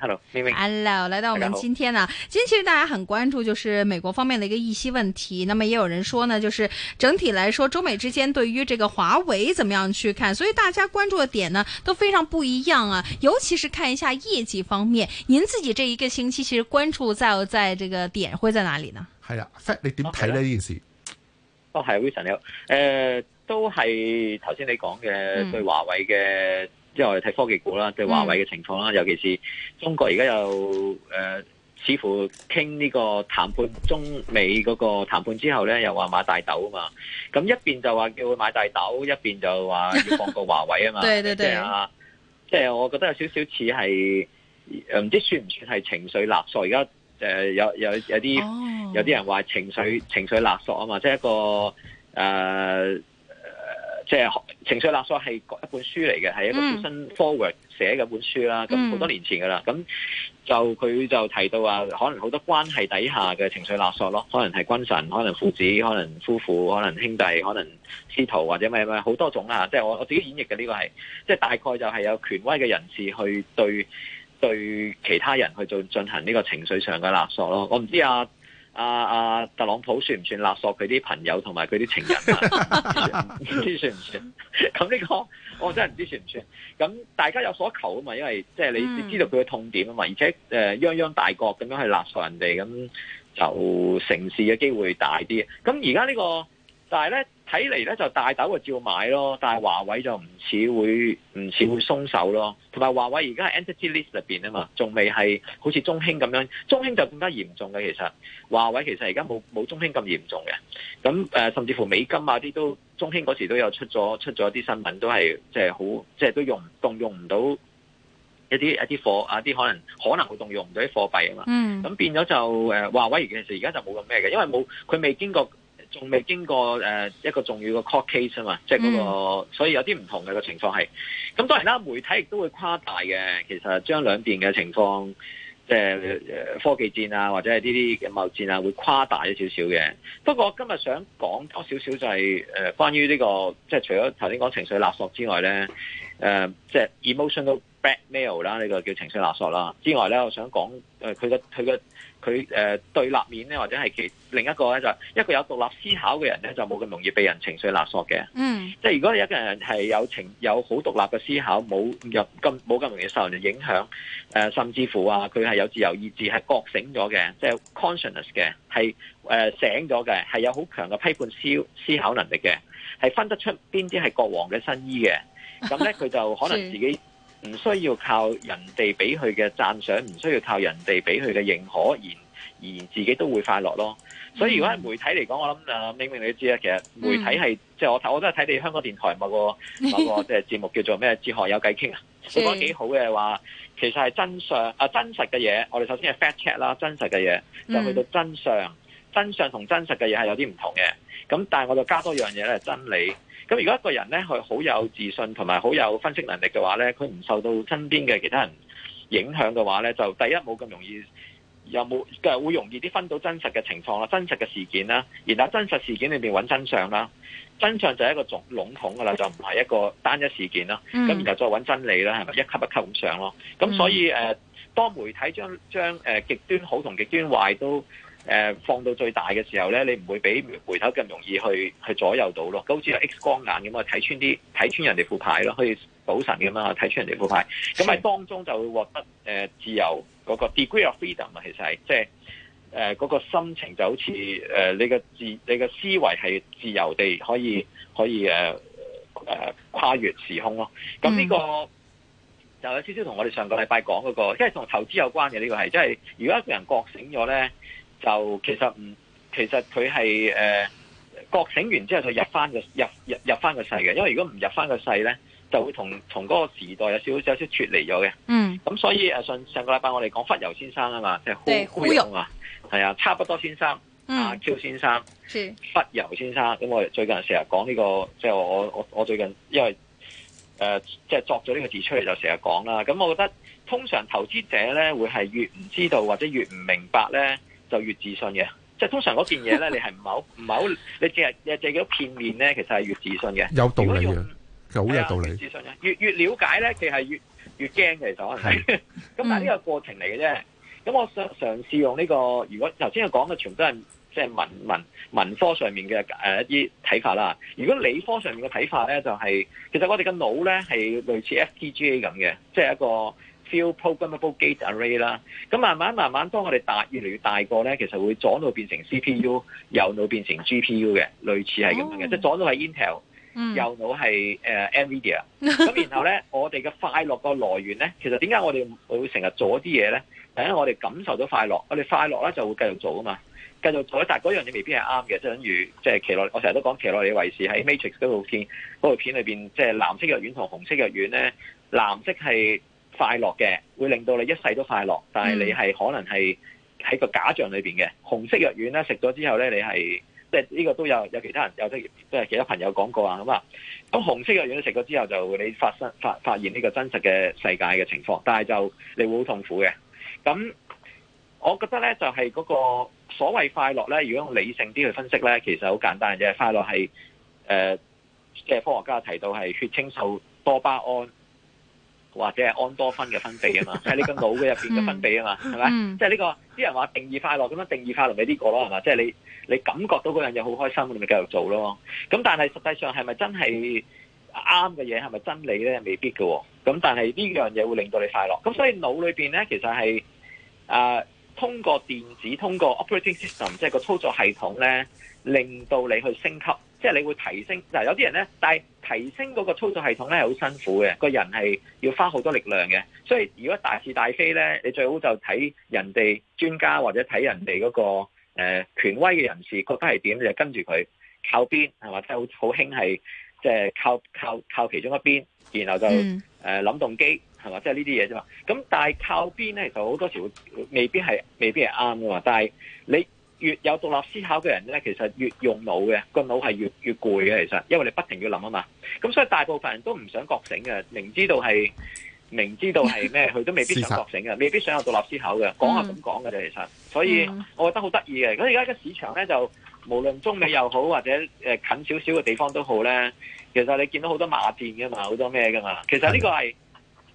hello，hello，來到我們今天啊，今天其實大家很關注，就是美國方面的一個議息問題。那麼也有人說呢，就是整體來說，中美之間對於這個華為怎麼樣去看，所以大家關注的點呢都非常不一樣啊。尤其是看一下業績方面，您自己這一個星期其實關注在在這個點會在哪裏呢？係啊，Fact, 你點睇呢件事？哦，係 Vincent 啊，誒、哦呃，都係頭先你講嘅對華為嘅、嗯。之後我哋睇科技股啦，對、就、華、是、為嘅情況啦、嗯，尤其是中國而家又誒、呃，似乎傾呢個談判中美嗰個談判之後咧，又話買大豆啊嘛。咁一邊就話叫買大豆，一邊就話要放過華為啊嘛。即 對，對,對、就是、啊，即、就、係、是、我覺得有少少似係誒，唔知算唔算係情緒勒索？而家誒，有有有啲、哦、有啲人話情緒情緒勒索啊，即、就、係、是、一個誒。呃即係情緒勒索係一本書嚟嘅，係一個本身 Forward 寫嘅一本書啦。咁、mm. 好多年前噶啦，咁就佢就提到啊，可能好多關係底下嘅情緒勒索咯，可能係君臣，可能父子，可能夫婦，可能兄弟，可能師徒或者咩咩好多種啊。即係我我自己演繹嘅呢個係，即係大概就係有權威嘅人士去對對其他人去做進行呢個情緒上嘅勒索咯。我唔知啊。阿、啊、阿、啊、特朗普算唔算勒索佢啲朋友同埋佢啲情人？啊？唔知算唔算？咁呢、 個我真係唔知算唔算？咁大家有所求啊嘛，因為即係你你知道佢嘅痛點啊嘛，而且誒、呃、泱泱大國咁樣去勒索人哋，咁就成事嘅機會大啲。咁而家呢個，但係咧。睇嚟咧就大手個照買咯，但係華為就唔似會唔似會鬆手咯。同埋華為而家係 entity list 入面啊嘛，仲未係好似中興咁樣，中興就更加嚴重嘅其實。華為其實而家冇冇中興咁嚴重嘅。咁、呃、甚至乎美金啊啲都中興嗰時都有出咗出咗啲新聞都，都係即係好即係都用動用唔到一啲一啲貨啊啲可能可能會動用唔到啲貨幣啊嘛。咁變咗就、呃、華為其實而家就冇咁咩嘅，因為冇佢未經過。仲未經過誒一個重要嘅 court case 啊嘛，即係嗰個、嗯，所以有啲唔同嘅個情況係。咁當然啦，媒體亦都會誇大嘅。其實將兩邊嘅情況，即係誒科技戰啊，或者係呢啲嘅貿戰啊，會誇大咗少少嘅。不過我今日想講多少少就係誒，關於呢個即係除咗頭先講情緒勒索之外咧，誒即係 emotional blackmail 啦，呢個叫情緒勒索啦。之外咧，我想講佢嘅佢嘅。佢誒、呃、對立面咧，或者係其另一個咧，就係一個有獨立思考嘅人咧，就冇咁容易被人情緒勒索嘅。嗯，即係如果一個人係有情有好獨立嘅思考，冇入咁冇咁容易受人影響。誒、呃，甚至乎啊，佢係有自由意志，係覺醒咗嘅，即、就、係、係、conscious 嘅，係、呃、醒咗嘅，係有好強嘅批判思思考能力嘅，係分得出邊啲係國王嘅新衣嘅。咁咧，佢就可能自己。 唔需要靠人哋俾佢嘅讚賞，唔需要靠人哋俾佢嘅認可，而而自己都會快樂咯。所以如果係媒體嚟講，我諗明明你都知啦，其實媒體係 即係我，我都係睇你香港電台某個某個即係節目叫做咩？哲學有偈傾啊， 你講得幾好嘅話，其實係真相啊，真實嘅嘢。我哋首先係 fact check 啦，真實嘅嘢 就去到真相。真相同真實嘅嘢係有啲唔同嘅，咁但係我就加多樣嘢咧，真理。咁如果一個人咧，佢好有自信同埋好有分析能力嘅話咧，佢唔受到身邊嘅其他人影響嘅話咧，就第一冇咁容易有冇，就會容易啲分到真實嘅情況啦、真實嘅事件啦，然後真實事件裏面揾真相啦。真相就係一個總籠統噶啦，就唔係一個單一事件啦。咁然後再揾真理啦，係咪一級一級咁上咯？咁所以誒，當媒體將將誒極端好同極端壞都，誒放到最大嘅時候咧，你唔會俾回頭咁容易去去左右到咯。咁好似 X 光眼咁啊，睇穿啲，睇穿人哋副牌咯，可以賭神咁樣睇穿人哋副牌。咁喺當中就會獲得誒自由嗰個 degree of freedom 啊，其實係即係誒嗰個心情就好似誒你嘅自你嘅思維係自由地可以可以誒、啊啊、跨越時空咯。咁呢個就有少少同我哋上個禮拜講嗰個，即係同投資有關嘅呢個係，即係如果一個人覺醒咗咧。就其實唔、嗯，其實佢係誒覺醒完之後，佢入翻個入入入翻個世嘅。因為如果唔入翻個世咧，就會同同嗰個時代有少少有少脱離咗嘅。嗯。咁所以誒上上個禮拜我哋講忽尤先生啊嘛，即係屈屈尤啊，係啊，差不多先生、嗯、啊 Q 先生，忽尤先生。咁我最近成日講呢個，即係我我我最近因為誒即係作咗呢個字出嚟，就成日講啦。咁我覺得通常投資者咧會係越唔知道或者越唔明白咧。就越自信嘅，即係通常嗰件嘢咧，你係唔好唔好，你淨係淨係見到片面咧，其實係越自信嘅。有道理嘅，有有道理。自信嘅，越越了解咧，其實係越越驚嘅，其實可能係。咁 但係呢個過程嚟嘅啫。咁、嗯、我想嘗試用呢、呢個，如果頭先我講嘅全部都係即係文文文科上面嘅誒一啲睇法啦。如果理科上面嘅睇法咧，就係、係、其實我哋嘅腦咧係類似 FPGA 咁嘅，即係一個。programmable gate array 啦，咁慢慢慢慢，當我哋大越嚟越大個咧，其實會左腦變成 CPU，右腦變成 GPU 嘅類似係咁樣嘅，oh. 即係左腦係 Intel，mm. 右腦係誒 Nvidia。咁然後咧，我哋嘅快樂個來源咧，其實點解我哋會成日做一啲嘢咧？係因為我哋感受到快樂，我哋快樂咧就會繼續做啊嘛，繼續做。但嗰樣嘢未必係啱嘅，即係等於即係騎落。我成日都講騎落嚟維視喺 Matrix 嗰部片嗰部片裏邊，即係藍色藥丸同紅色藥丸咧，藍色係。快樂嘅會令到你一世都快樂，但係你係可能係喺個假象裏邊嘅。紅色藥丸咧食咗之後咧，你係即係呢個都有有其他人有即係其他朋友講過啊，咁啊，咁紅色藥丸食咗之後就你發生發發現呢個真實嘅世界嘅情況，但係就你會好痛苦嘅。咁我覺得咧就係嗰個所謂快樂咧，如果用理性啲去分析咧，其實好簡單嘅，就係快樂係誒，即係科學家提到係血清素多巴胺。或者係安多酚嘅分泌啊嘛，喺、就是、你個腦嘅入邊嘅分泌啊嘛，係 咪、嗯？即係呢個啲人話定義快樂咁樣定義快樂咪呢個咯，係嘛？即、就、係、是、你你感覺到嗰樣嘢好開心，你咪繼續做咯。咁但係實際上係咪真係啱嘅嘢，係咪真理咧？未必嘅。咁但係呢樣嘢會令到你快樂。咁所以腦裏邊咧其實係啊、呃，通過電子通過 operating system，即係個操作系統咧，令到你去升級，即、就、係、是、你會提升。嗱，有啲人咧，但係。提升嗰個操作系統咧係好辛苦嘅，個人係要花好多力量嘅，所以如果大是大非咧，你最好就睇人哋專家或者睇人哋嗰個誒權威嘅人士覺得係點，你就跟住佢靠邊，係嘛？即係好好興係即係靠靠靠，靠其中一邊，然後就誒諗、嗯、動機係嘛？即係呢啲嘢啫嘛。咁、就是、但係靠邊咧，就好多時會未必係未必係啱噶嘛。但係你。越有獨立思考嘅人咧，其實越用腦嘅，個腦係越越攰嘅。其實，因為你不停要諗啊嘛。咁所以大部分人都唔想覺醒嘅，明知道係明知道係咩，佢 都未必想覺醒嘅，未必想有獨立思考嘅，講下咁講嘅啫。其實，所以我覺得好得意嘅。咁而家嘅市場咧，就無論中美又好，或者誒近少少嘅地方都好咧，其實你見到好多罵戰㗎嘛，好多咩㗎嘛。其實呢個係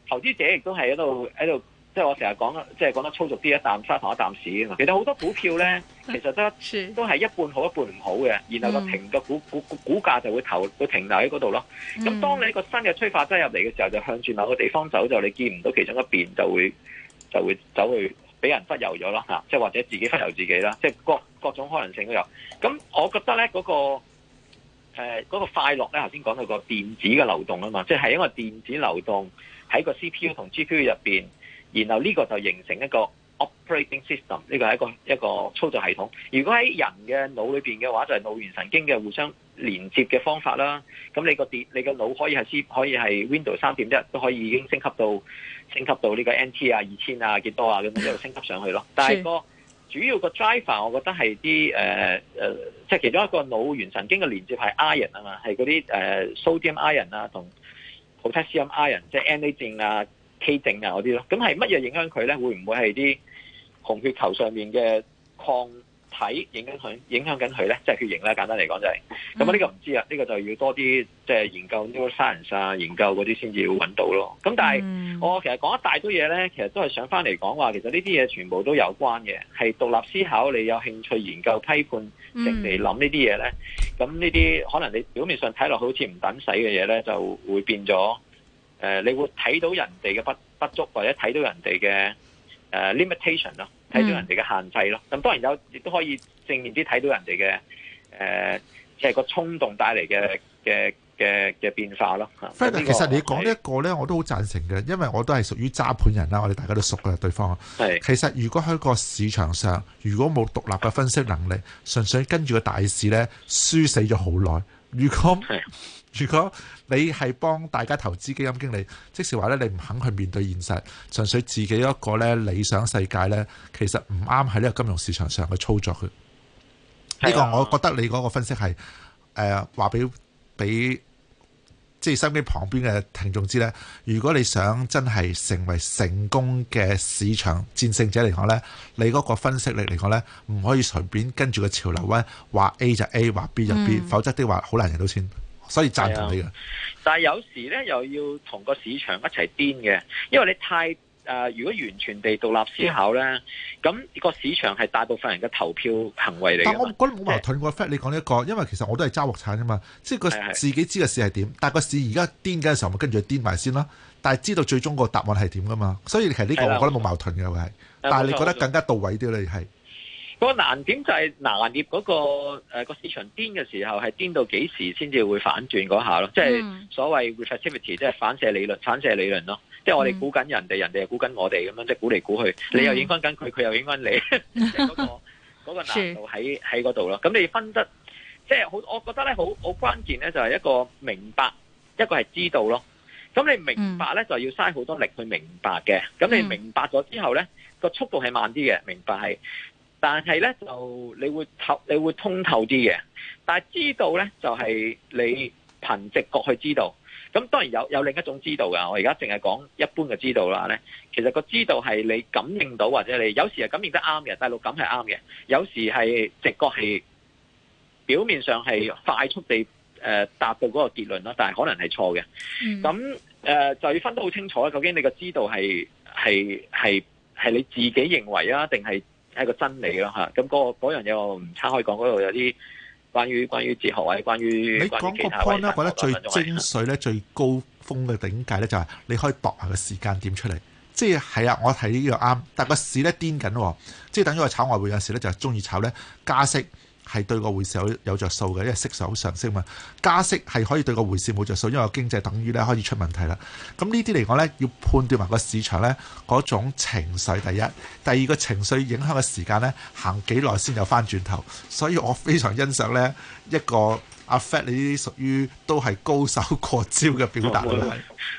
投資者亦都係喺度喺度。在即係我成日講，即係講得粗俗啲，一啖沙糖一啖屎啊嘛！其實好多股票咧，其實都都係一半好一半唔好嘅，然後個停個、嗯、股股股價就會停留，留停喺嗰度咯。咁當你一個新嘅催化劑入嚟嘅時候，就向住某個地方走，就你見唔到其中一邊，就會就會走去俾人忽悠咗咯嚇，即係或者自己忽悠自己啦，即係各各種可能性都有。咁我覺得咧，嗰、那個誒嗰、那個、快樂咧，頭先講到個電子嘅流動啊嘛，即、就、係、是、因為電子流動喺個 CPU 同 GPU 入邊。然後呢個就形成一個 operating system，呢個係一個一個操作系統。如果喺人嘅腦裏面嘅話，就係腦元神經嘅互相連接嘅方法啦。咁你個電，你個腦可以係 C，可以係 Windows 三點一，都可以已經升級到升級到呢個 NT 啊、二千啊、幾多啊嘅咁樣升級上去咯。但係個是主要個 driver，我覺得係啲誒誒，即係其中一個腦元神經嘅連接係 iron 啊嘛，係嗰啲 sodium iron 啊同 potassium iron，即係 Na 正啊。畸症啊嗰啲咯，咁係乜嘢影響佢咧？會唔會係啲紅血球上面嘅抗體影響佢？影響緊佢咧，即係血型啦。簡單嚟講就係，咁啊呢個唔知啊，呢個就要多啲即係研究 new science 啊，研究嗰啲先至要搵到咯。咁但係我其實講一大堆嘢咧，其實都係想翻嚟講話，其實呢啲嘢全部都有關嘅，係獨立思考，你有興趣研究批判性嚟諗呢啲嘢咧，咁呢啲可能你表面上睇落去好似唔等使嘅嘢咧，就會變咗。誒，你會睇到人哋嘅不不足，或者睇到人哋嘅誒 limitation 咯，睇到人哋嘅限制咯。咁、嗯、當然有，亦都可以正面啲睇到人哋嘅誒，即、呃、係、就是、個衝動帶嚟嘅嘅嘅嘅變化咯。Frank、這個、其實你講呢一個咧，我都好贊成嘅，因為我都係屬於揸盤人啦，我哋大家都熟嘅對方。係，其實如果喺個市場上，如果冇獨立嘅分析能力，純粹跟住個大市咧，輸死咗好耐。如果如果你係幫大家投資基金經理，即是話咧，你唔肯去面對現實，純粹自己一個咧理想世界咧，其實唔啱喺呢個金融市場上嘅操作嘅。呢、啊呢個我覺得你嗰個分析係誒話俾俾即係身邊旁邊嘅聽眾知咧。如果你想真係成為成功嘅市場戰勝者嚟講咧，你嗰個分析力嚟講咧，唔可以隨便跟住個潮流咧，話 A 就 A，話 B 就 B，嗯、否則的話好難贏到錢。所以贊同你噶、啊，但係有時咧又要同個市場一齊癲嘅，因為你太誒、呃，如果完全地獨立思考咧，咁、那個市場係大部分人嘅投票行為嚟嘅。但我、就是、我覺得冇矛盾我覺得，你講呢一個，因為其實我都係揸鑊鏟噶嘛，即係個自己知個市係點，但係個市而家癲嘅時候，咪跟住去癲埋先咯。但係知道最終個答案係點噶嘛，所以其實呢個我覺得冇矛盾嘅，係、啊，但係你覺得更加到位啲、啊、你係。那個難點就係難捏嗰、那個誒、呃那個、市場癲嘅時候，係癲到幾時先至會反轉嗰下咯？即、嗯、係、就是、所謂 reflexivity，即係反射理論、反射理論咯。嗯、即係我哋估緊人哋，人哋又估緊我哋咁樣，即係估嚟估去，你又影響緊佢，佢、嗯、又影響你。嗰、嗯 那個嗰、嗰個難度喺喺嗰度咯。咁、嗯、 你分得即係好，我覺得咧，好好關鍵咧，就係、是、一個明白，一個係知道咯。咁、嗯、你明白咧，就要嘥好多力去明白嘅。咁你明白咗之後咧，個速度係慢啲嘅。明白係。但係咧，就你會透，你會通透啲嘅。但係知道咧，就係你憑直覺去知道。咁當然有有另一種知道㗎。我而家淨係講一般嘅知道啦咧。其實個知道係你感應到，或者你有時係感應得啱嘅，大陸感係啱嘅。有時係直覺係表面上係快速地誒達到嗰個結論啦，但係可能係錯嘅。咁誒就要分得好清楚啦。究竟你個知道係係係係你自己認為啊，定係？係一個真理咯嚇，咁、那個嗰、那個、人又唔差可以講，嗰、那、度、個、有啲關於關於哲學啊，關於，關於，關於你講 point，咧，覺得最精髓咧、最高峰嘅頂界咧，就係你可以度下個時間點出嚟。即係係啊，我睇呢個啱，但係個市咧癲緊喎，即係等於我炒外匯有時咧就係中意炒咧加息。.係對個匯市有有著數嘅，因為息率好上升嘛。加息係可以對個匯市冇著數，因為經濟等於咧開始出問題啦。咁呢啲嚟講咧，要判斷埋個市場咧嗰種情緒。第一，第二個情緒影響嘅時間咧，行幾耐先有翻轉頭。所以我非常欣賞咧一個阿 Fat 呢啲屬於都係高手過招嘅表達，會會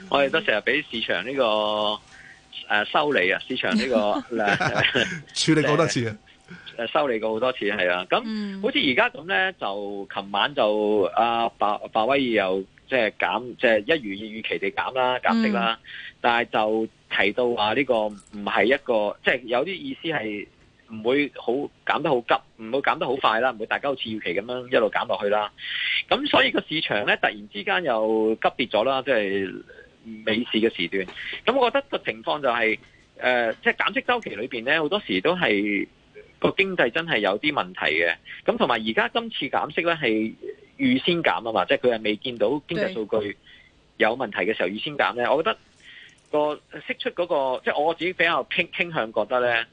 我哋都成日俾市場呢、這個誒、啊、修理啊，市場呢、這個 處理過好多次啊。收你個好多次係啦，咁好似而家咁咧，就琴晚就阿伯伯威爾又即係減，即係一如預期地減啦，減息啦、嗯。但係就提到話呢個唔係一個，即係有啲意思係唔會好減得好急，唔會減得好快啦，唔會大家好似預期咁樣一路減落去啦。咁所以個市場咧突然之間又急跌咗啦，即係美市嘅時段。咁我覺得個情況就係誒，即係減息周期裏面咧，好多時都係。個經濟真係有啲問題嘅，咁同埋而家今次減息咧係預先減啊嘛，即係佢係未見到經濟數據有問題嘅時候預先減咧，我覺得個釋出嗰個，即係我自己比較傾傾向覺得咧，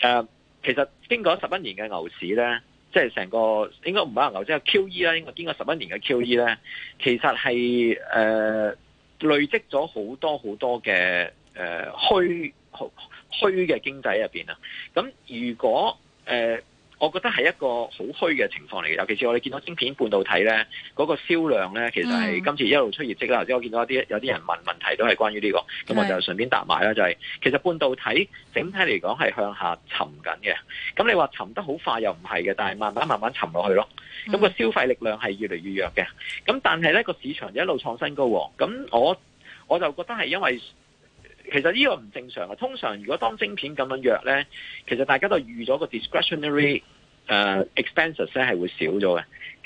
誒，其實經過十一年嘅牛市咧，即係成個應該唔係話牛市啊，Q E 咧，應該經過十一年嘅 Q E 咧，其實係誒累積咗好多好多嘅誒虛。呃虛虛嘅經濟入邊啊，咁如果誒、呃，我覺得係一個好虛嘅情況嚟嘅，尤其是我哋見到芯片半導體咧，嗰、那個銷量咧，其實係今次一路出業績啦。或、mm. 者我見到一啲有啲人問問題，都係關於呢、這個，咁、mm. 我就順便答埋啦。就係、是、其實半導體整體嚟講係向下沉緊嘅，咁你話沉得好快又唔係嘅，但係慢慢慢慢沉落去咯。咁、那個消費力量係越嚟越弱嘅，咁但係咧個市場就一路創新高，咁我我就覺得係因為。其實呢個唔正常啊！通常如果當晶片咁樣弱呢，其實大家都預咗個 discretionary、uh, expenses 係係會少咗嘅，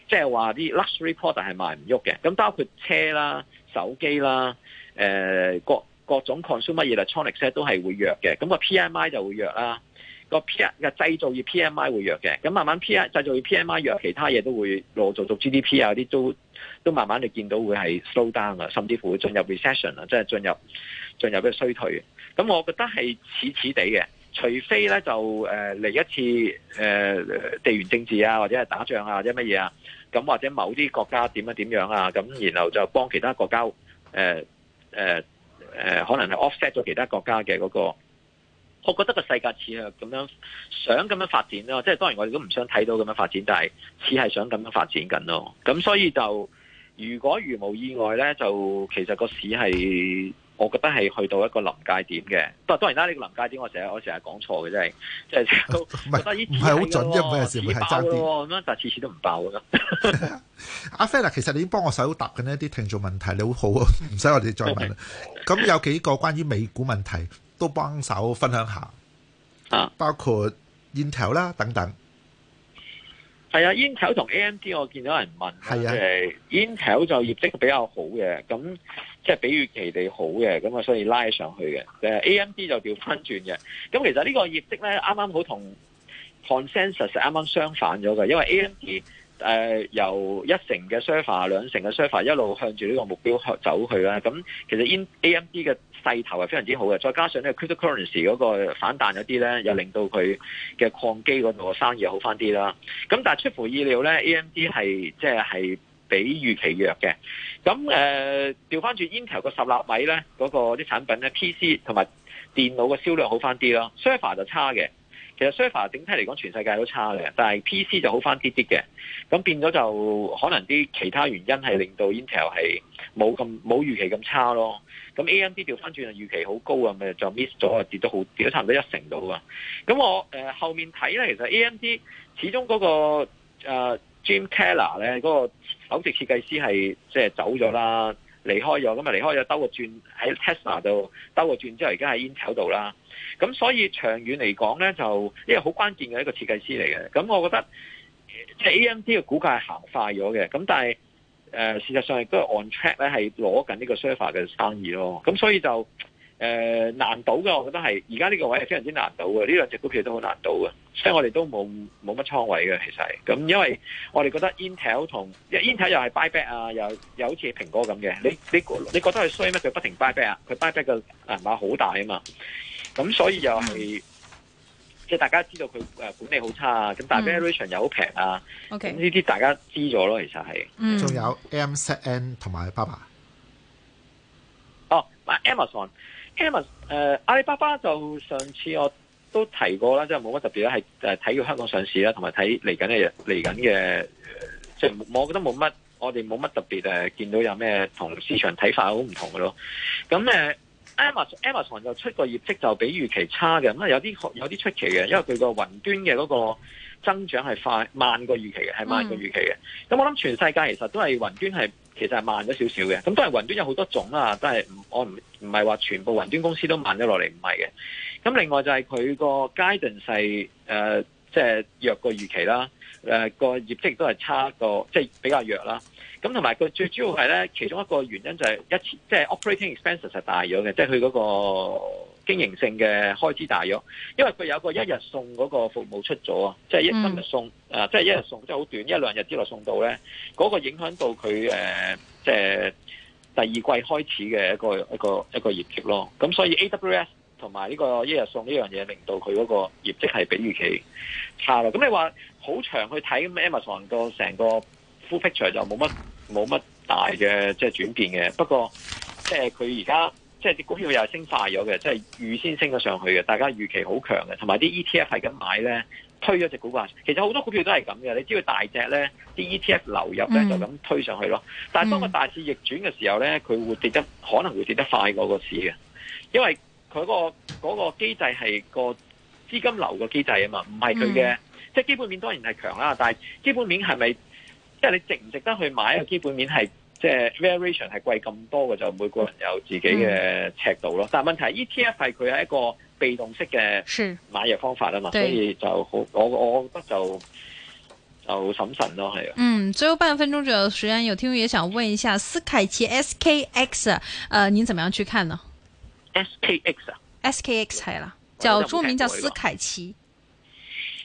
即係話啲 luxury product 係賣唔喐嘅。咁包括車啦、手機啦、誒、呃、各各種 consumer electronics 都係會弱嘅。咁個 PMI 就會弱啦。個 p 製造業 P.M.I. 會弱嘅，咁慢慢 p 製造業 P.M.I. 弱，其他嘢都會攞做做 G.D.P. 啊，啲都都慢慢就見到會係 slow down 啊，甚至乎會進入 recession 啊，即係進入進入衰退。咁我覺得係似似地嘅，除非咧就誒嚟一次誒地緣政治啊，或者係打仗啊，或者乜嘢啊，咁或者某啲國家點啊點樣啊，咁然後就幫其他國家誒誒誒可能係 offset 咗其他國家嘅嗰個。我覺得個世界似係咁樣想咁樣發展咯，即係當然我哋都唔想睇到咁樣發展，但係似係想咁樣發展緊咯。咁所以就如果如無意外咧，就其實個市係我覺得係去到一個臨界點嘅。不過當然啦，呢個臨界點我成日我成日講錯嘅啫，即係成日都唔係好準啫。咁、啊、有時係爭啲咁樣，但次次都唔爆噶。阿 f a a 其實你已經幫我手答緊一啲聽眾問題你，你好好唔使我哋再問。咁 有幾個關於美股問題。都幫手分享下啊，包括 Intel 啦等等，係啊，Intel 同 AMD 我見到有人問，係、啊呃、Intel 就業績比較好嘅，咁即係比預期地好嘅，咁啊所以拉上去嘅，誒、就是、AMD 就調翻轉嘅，咁其實呢個業績咧啱啱好同 consensus 啱啱相反咗嘅，因為 AMD。誒、呃、由一成嘅 server 兩成嘅 server 一路向住呢個目標走去啦，咁其實 AMD 嘅勢頭係非常之好嘅，再加上咧 crypto currency 嗰個反彈咗啲咧，又令到佢嘅礦機嗰度嘅生意好翻啲啦。咁但係出乎意料咧，AMD 係即係係比預期弱嘅。咁誒調翻轉 Intel 個十納米咧，嗰個啲產品咧 PC 同埋電腦嘅銷量好翻啲囉，server 就差嘅。其實 server 整體嚟講，全世界都差嘅，但係 PC 就好翻啲啲嘅，咁變咗就可能啲其他原因係令到 Intel 係冇咁冇預期咁差咯。咁 AMD 調翻轉啊，預期好高啊，咪就 miss 咗啊，跌咗好跌咗差唔多一成度啊。咁我誒、呃、後面睇咧，其實 AMD 始終嗰、嗰個 g、呃、Jim Keller 咧嗰個首席設計師係即係走咗啦。離開咗，咁啊離開咗兜個轉喺 Tesla 度兜個轉之後，而家喺 Intel 度啦。咁所以長遠嚟講咧，就呢個好關鍵嘅一個設計師嚟嘅。咁我覺得即係 AMD 嘅股價係行快咗嘅。咁但係誒、呃，事實上亦都係 on track 咧，係攞緊呢個 server 嘅生意咯。咁所以就。誒、呃、難倒嘅，我覺得係而家呢個位係非常之難倒嘅，呢兩隻股票都好難倒嘅，所以我哋都冇冇乜倉位嘅其實，咁、嗯、因為我哋覺得 Intel 同 Intel 又係 buy back 啊，又又好似蘋果咁嘅，你你你覺得佢衰咩？佢不停 buy back 啊，佢 buy back 嘅銀碼好大啊嘛，咁、嗯、所以又係即係大家知道佢誒管理好差便宜啊，咁但係 valuation 又好平啊，咁呢啲大家知咗咯，其實係，仲、嗯、有 AMZN 同埋 BABA，哦買 Amazon。Emma，阿里巴巴就上次我都提過啦，即係冇乜特別啦，係睇佢香港上市啦，同埋睇嚟緊嘅嚟緊嘅，即係、就是、我覺得冇乜，我哋冇乜特別誒，見到有咩同市場睇法好唔同嘅咯。咁誒，Amazon，Amazon 就出個業績就比預期差嘅，咁啊有啲有啲出奇嘅，因為佢個雲端嘅嗰個增長係快慢過預期嘅，係慢過預期嘅。咁、嗯、我諗全世界其實都係雲端係。其實係慢咗少少嘅，咁都係雲端有好多種啦，都係我唔唔係話全部雲端公司都慢咗落嚟，唔係嘅。咁另外就係佢個 guidance 誒，即係弱過預期啦，誒個業績亦都係差過，即係比較弱啦。咁同埋佢最主要係咧，其中一個原因就係一即係 operating expenses 係大咗嘅，即係佢嗰個。經營性嘅開支大約，因為佢有個一日送嗰個服務出咗啊，即係一日送，嗯，啊，即係一日送，即係好短，一兩日之內送到咧，嗰個影響到佢，誒，即係，呃，第二季開始嘅一個一個一個業績咯。咁所以 AWS 同埋呢個一日送呢樣嘢，令到佢嗰個業績係比預期差咯。咁你話好長去睇 Amazon 個成個 full picture 就冇乜冇乜大嘅即係轉變嘅，不過即係佢而家。呃即係啲股票又係升快咗嘅，即係預先升咗上去嘅，大家預期好強嘅，同埋啲 ETF 係咁買咧，推咗隻股票。其實好多股票都係咁嘅，你知道大隻咧，啲 ETF 流入咧就咁推上去咯。但係當個大市逆轉嘅時候咧，佢會跌得可能會跌得快過個市嘅，因為佢個嗰個機制係個資金流個機制啊嘛，唔係佢嘅。嗯，即係基本面當然係強啦，但係基本面係咪即係你值唔值得去買？個基本面係。即、就、係、是、variation 係貴咁多嘅就每個人有自己嘅尺度咯，嗯、但係問題是 ETF 係佢係一個被動式嘅買入方法啊嘛，所以就好我我覺得就就審慎咯係。啊。嗯，最後半分鐘左右時間有聽友也想問一下斯凱奇 SKX，呃，您怎麼樣去看呢？SKX 啊，SKX 係啦、這個，叫中文名叫斯凱奇。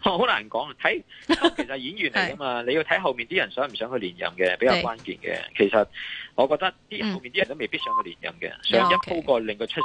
好 難講啊！睇，其實演員嚟噶嘛，你要睇後面啲人想唔想去連任嘅，比較關鍵嘅。其實我覺得啲後面啲人都未必想去連任嘅，想 一鋪過令佢出。